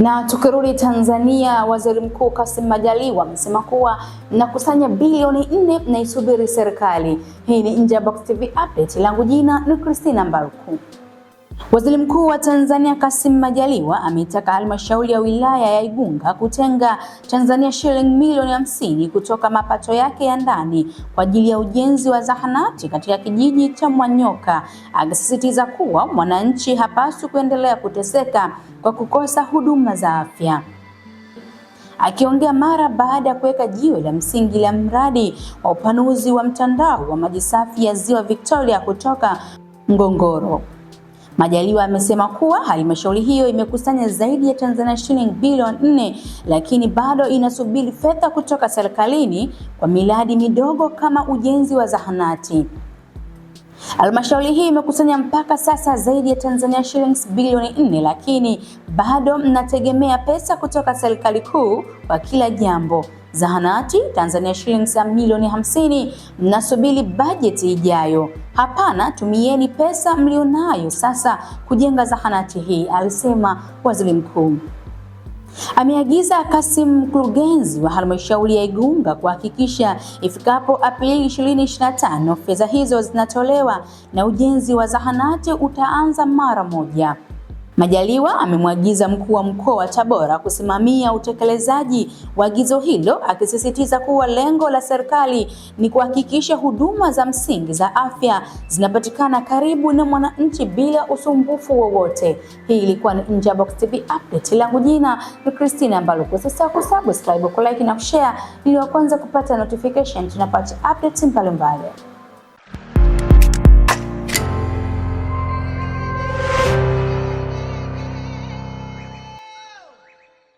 Na tukirudi Tanzania, waziri mkuu Kassim Majaliwa amesema kuwa nakusanya bilioni nne naisubiri serikali. Hii ni Nje ya Box TV update, langu jina ni Christina Mbaruku. Waziri Mkuu wa Tanzania Kassim Majaliwa ameitaka halmashauri ya wilaya ya Igunga kutenga Tanzania shilingi milioni hamsini kutoka mapato yake ya ndani kwa ajili ya ujenzi wa zahanati katika kijiji cha Mwanyoka, akisisitiza kuwa mwananchi hapaswi kuendelea kuteseka kwa kukosa huduma za afya. Akiongea mara baada ya kuweka jiwe la msingi la mradi wa upanuzi wa mtandao wa maji safi ya Ziwa Victoria kutoka Ngongoro. Majaliwa amesema kuwa halmashauri hiyo imekusanya zaidi ya Tanzania shilingi bilioni nne, lakini bado inasubiri fedha kutoka serikalini kwa miradi midogo kama ujenzi wa zahanati. Halmashauri hii imekusanya mpaka sasa zaidi ya Tanzania shillings bilioni nne, lakini bado mnategemea pesa kutoka serikali kuu kwa kila jambo zahanati Tanzania shilingi za milioni 50. Mnasubiri bajeti ijayo? Hapana, tumieni pesa mlionayo sasa kujenga zahanati hii, alisema waziri mkuu. Ameagiza kasimu mkurugenzi wa halmashauri ya Igunga kuhakikisha ifikapo Aprili 2025 fedha hizo zinatolewa na ujenzi wa zahanati utaanza mara moja. Majaliwa amemwagiza mkuu wa mkoa wa Tabora kusimamia utekelezaji wa agizo hilo, akisisitiza kuwa lengo la serikali ni kuhakikisha huduma za msingi za afya zinapatikana karibu na mwananchi bila usumbufu wowote. Hii ilikuwa ni Nje ya Box TV update, langu jina ni Christina Mbaluku. Sasa kusubscribe, kulike na kushare ili wa kwanza kupata notification tunapata update mbalimbali.